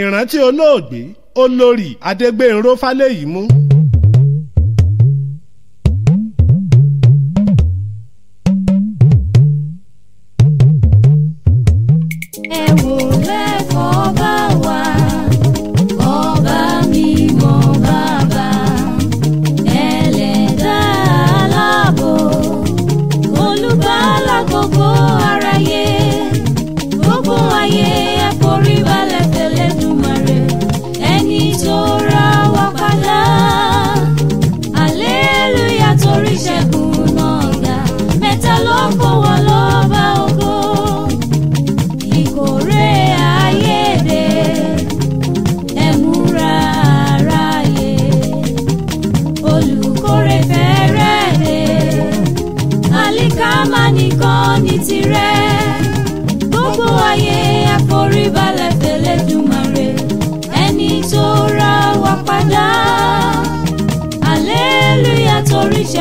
ìrántí olóògbé olórí adégbènrò fálẹ́yìmú.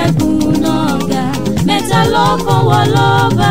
ṣẹ́gun náà ga mẹ́ta ló kó lọ́ba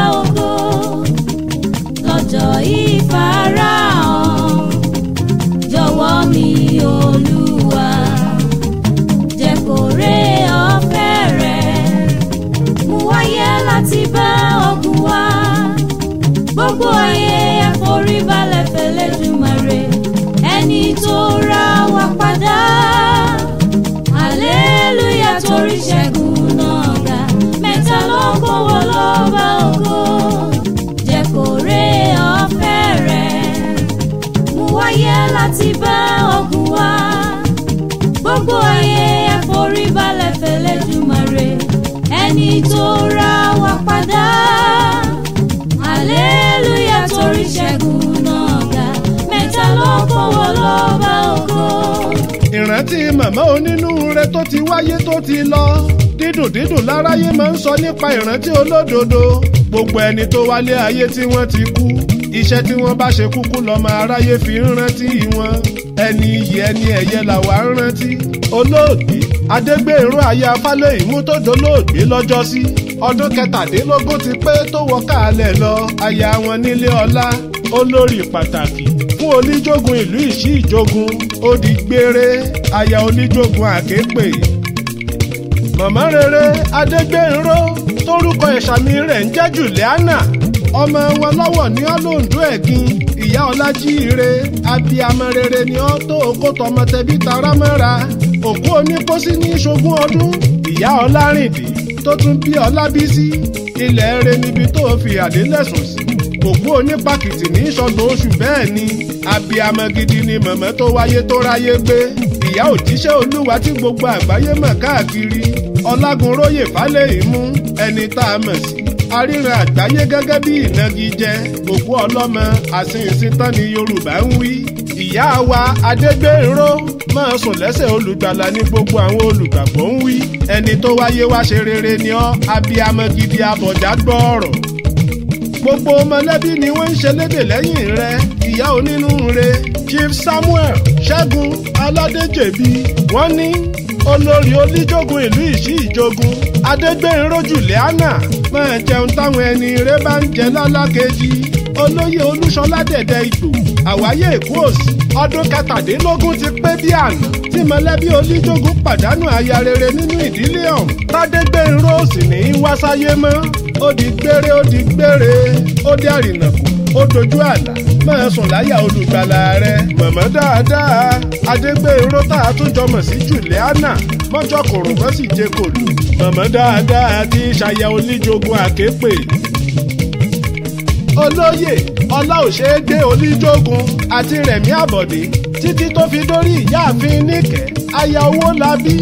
ti bá ogun wá gbogbo ayé ẹ̀fọ́rí balẹ̀ fẹ́lẹ́ dùmarè ẹni tó ra wa padà hallelúyà torí ṣẹ́gun náà ga mẹ́ta ló kọ́wọ́ lọ́ba ògo. ìrántí màmá onínúure tó ti wáyé tó ti lọ dídùn dídùn láráyé máa ń sọ nípa ìrántí olódodo gbogbo ẹni tó wálé ayé tí wọ́n ti kú iṣẹ́ tí wọ́n bá ṣe kúkú lọ́mọ aráyé fi ń rántí wọn ẹni iyì ẹni ẹ̀yẹ làwa ń rántí olóògbé adégbèrú ayé afálẹ́yìn mú tó dolóògbé lọ́jọ́ sí ọdún kẹtàdínlógún ti pé tó wọ káàlẹ̀ lọ aya wọn nílé ọlá olórí pàtàkì fún oníjogun ìlú ìṣí ìjogun ó di gbére oníjogun àképè mọ̀mọ́ rere adégbèrú torúkọ ìsàmì rẹ̀ ń jẹ́ Juliana ọmọ wọn lọ́wọ́ ní ọ́ lòǹdó ẹ̀gìn ìyá ọlájíire abiyamọ rere ni ọ́ tó okó tọmọ tẹbí tará mọ́ra òkú oníkósí ní ṣogún ọdún ìyá ọlárìndì tó tún bí ọlábísí ilẹ̀ rẹ níbi tó fi àdélẹ̀sùn sí òkú onípàkìtì ní ìṣọ̀gbọ̀n oṣù bẹ́ẹ̀ ni abiyamọ gidi ni mọ̀mọ́ tó wáyé tó ráyé gbé ìyá òjíṣẹ́ olúwa tí gbogbo àgbáyé mọ̀ káàkiri ọlágunróyè fálẹ́yìn mú ẹni tá a mọ̀ sí aríran àgbáyé gẹ́gẹ́ bí ìnagijẹ òkú ọlọ́mọ àsìnsìn tán ni Yorùbá ń wí. ìyá wa Adégbèrò máa sùn lẹ́sẹ̀ olùgbàlà ní gbogbo àwọn olùgbàgbọ́ ń wí. ẹni tó wáyé wá ṣe rere ni ọ́ abiyamọ gidi abọ̀já gbọ́ gbogbo mọ̀lẹ́bí ni wọ́n ń ṣe lédè lẹ́yìn rẹ̀ ìyá onínúure Chief Samuel Ṣẹ́gun Aládéjèbi wọ́n ní olórí olíjogun ìlú ìṣí ìjogun adégbèǹrojú lẹ́ánà máa jẹun táwọn ẹni rẹ bá ń jẹ lálákejì olóyè olúṣọlá dẹ̀dẹ̀ ìgbò àwáyé èkó òsì ọdún kẹtàdínlógún ti pé bí àná tí mọ̀lẹ́bí olíjogun pàdánù aya rere nínú ìdílé ọ̀hún tádégbèǹró sì ní í wá sáyé mọ́ ó di gbére ó di gbére ó dé àrìnàkù ó dojú àlà máa sùn láyà olùgbàlà rẹ. mọ̀mọ́ dáadáa adégbèrò tá a tún jọmọ̀ sí Juliana mọ́jọ́ kòròbọ́ sì jẹ́ kòlù. mọ̀mọ́ dáadáa ti ṣàyà oníjogun àképè. olóyè ọlá òṣèdè oníjogun àti rẹ̀mí àbọ̀dé títí tó fi dórí ìyáàfin níkẹ́ aya owó labí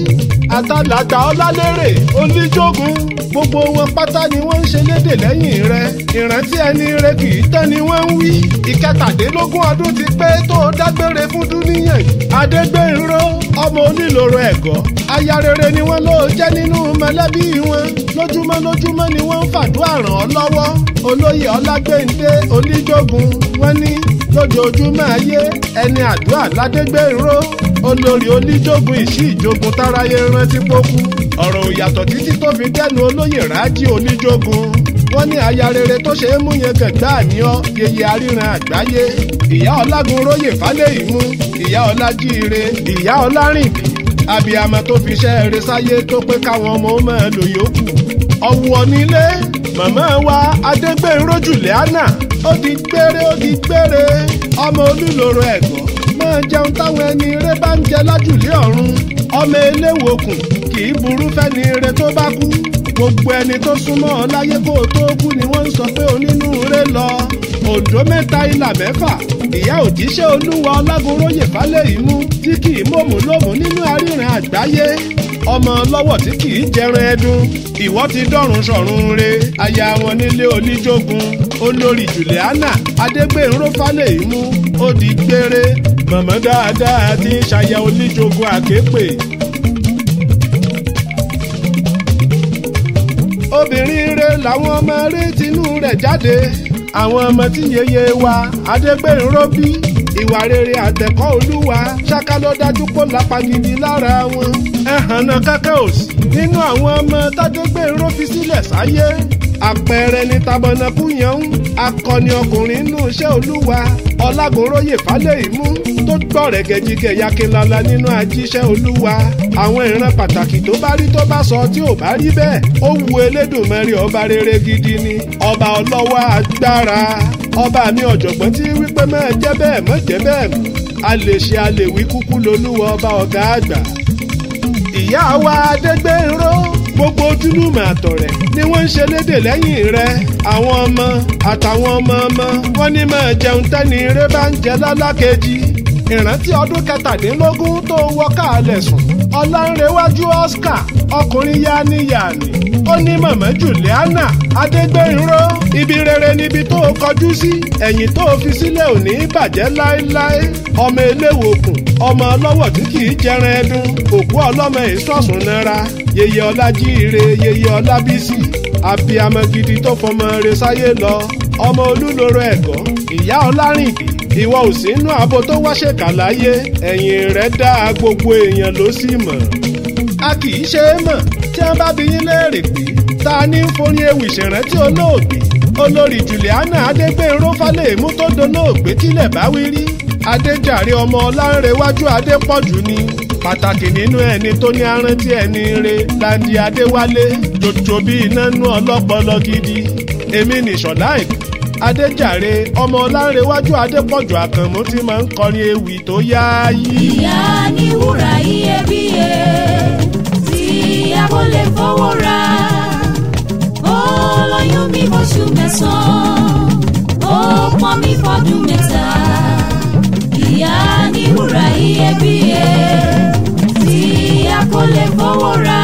àtàlàgbà ọlálérè oníjógun gbogbo wọn pátá ni wọ́n ń ṣe léde lẹ́yìn rẹ̀ ìrántí ẹni rẹ̀ kì í tán ni wọ́n ń wí. ìkẹtàdínlógún ọdún ti pé tó dágbére fún dúníyàn adégbénró ọmọ onílòrò ẹ̀gọ́ aya rere ni wọ́n ló jẹ́ nínú mọ̀lẹ́bí wọn lójúmọ́ lójúmọ́ ni wọ́n ń fàdúrà ràn ọ́ lọ́wọ́ olóyè ọlágbéǹde oníjógun wọ́n ní lójoojúmọ́ ayé ẹni àdúrà ládégbèrò olórí oníjogún ìṣí ìjogun táráyé rántí pókú ọ̀rọ̀ òyàtọ̀ títí tó fi dẹ́nu olóyè rájí oníjogún wọ́n ní aya rere tó ṣe é mú yẹn gàgbá àníọ́ yeye aríran àgbáyé ìyá ọlágun róyè fálẹ́yìmú ìyá ọlájíire ìyá ọlárìnbí abiyamọ tó fi iṣẹ́ rẹ̀ sáyé tó pé káwọn ọmọ ó máa yòókù ọ̀wọ̀ nílé màmá wa adégbèrójù Juliana ó di gbére ó di gbére ọmọ olúlòrò ẹ̀gọ́ máa jẹun táwọn ẹni eré bá ń jẹ lájùlé ọ̀run ọmọ eléwo kùn kì í burú fẹ́ni re tó bá kú gbogbo ẹni tó súnmọ́ ọ láyé kó o tó kú ni wọ́n ń sọ pé onínúure lọ òǹdó mẹ́ta ìlà mẹ́fà ìyá òjíṣẹ́ olúwa ọlágoróyè falẹ̀ ìmú tí kì í mọ̀mú lómú nínú aríran àgbáyé ọmọ lọ́wọ́ tí kì í jẹran ẹdun ìwọ ti dọ̀run sọ̀run re aya wọn nílé oníjogun olórí Juliana adégbèrún falẹ̀ ìmú ó di gbére màmá dáadáa ti ń ṣaya oníjogún àképè. obìnrin rere làwọn ọmọ rẹ tinú rẹ̀ jáde àwọn ọmọ tí yeye wa adégbèrò bí ìwà rere àtẹ̀kọ́ olúwa ṣáká ló dájú kó lápagidi lára wọn. ẹ̀hànà kákẹ́ òsì nínú àwọn ọmọ tájọ́gbèrò fi sílẹ̀ sáyé àpẹẹrẹ ní tabọnakú yẹn ń akọni ọkùnrin inú iṣẹ́ olúwa ọlágúnróyè fálẹ́yìmú tó gbọ̀rẹ̀ gẹ̀jigẹ̀ yakinlala nínú ajíṣẹ́ olúwa àwọn ìran pàtàkì tó bá rí tó bá sọ tí ò bá rí bẹ́ẹ̀ ó wu elédùnmẹ́rin ọba rere gidi ni ọba ọlọ́wọ́ agbára ọba mi ọ̀jọ̀gbọ́n tí wípé mẹ́ẹ̀ jẹ́ bẹ́ẹ̀ mọ́ jẹ́ bẹ́ẹ̀ mọ́ a lè ṣe a lè wí kúkú lolúwa ọba ọ̀gá àgbà ìyá wa adégbèrò gbogbo ojúlùmọ̀ àtọ̀rẹ́ ni wọ́n ń ṣe lédè lẹ́yìn rẹ̀ àwọn ọmọ àtàwọn ọmọ ọmọ wọn ní máa jẹun tẹ́ni eré bá ń jẹ lálákejì ìrántí ọdún kẹtàdínlógún tó wọ káàlẹ̀ sùn ọlánrewájú Oscar ọkùnrin yáníyàní ní màmá Juliana Adégbénró ibi rere níbi tó o kọjú sí ẹ̀yìn tó o fi sílẹ̀ ò ní bàjẹ́ láéláé ọmọ eléwo òkun ọmọ ọlọ́wọ̀ tí kì í jẹran ẹdun òkú ọlọ́mọ ìsọ̀sùn nara yèyé ọlájíire yèyé ọlábísí abiyamọ gidi tó fọmọ rẹ̀ sáyé lọ ọmọ olúlóró ẹ̀gọ́ ìyá ọlárìndì ìwọ ò sínú tó wáṣẹ̀kà láyé ẹ̀yìn rẹ̀ dá gbogbo èèyàn ló sì mọ̀ a kì í ṣe é mọ̀ tí wọ́n bá bi yín léèrè pé ta ni ń forin ewì ṣèrántí olóògbé olórí Juliana Adégbénró Fálẹ́mú tó dolóògbé tílẹ̀ bá wí rí Adéjàre ọmọ Ọlánrewájú Adépọ̀jù ni pàtàkì nínú ẹni tó ní arántí ẹni re Láńdí Adéwálé jòjò bí iná nú ọlọ́pọlọ gidi èmi nìṣọ̀lá ìpín Adéjàre ọmọ Ọlánrewájú Adépọ̀jù Àkànmú tí máa ń kọrin ewì tó yááyí. ìyá ni wúrà iyebíye mo lè fowó ra ó lóyún mi fóṣù mẹ́sàn-án ó pọ́n mi fọdún mẹ́ta ìyá ní wúrà iyebíye tí a kò lè fowó ra.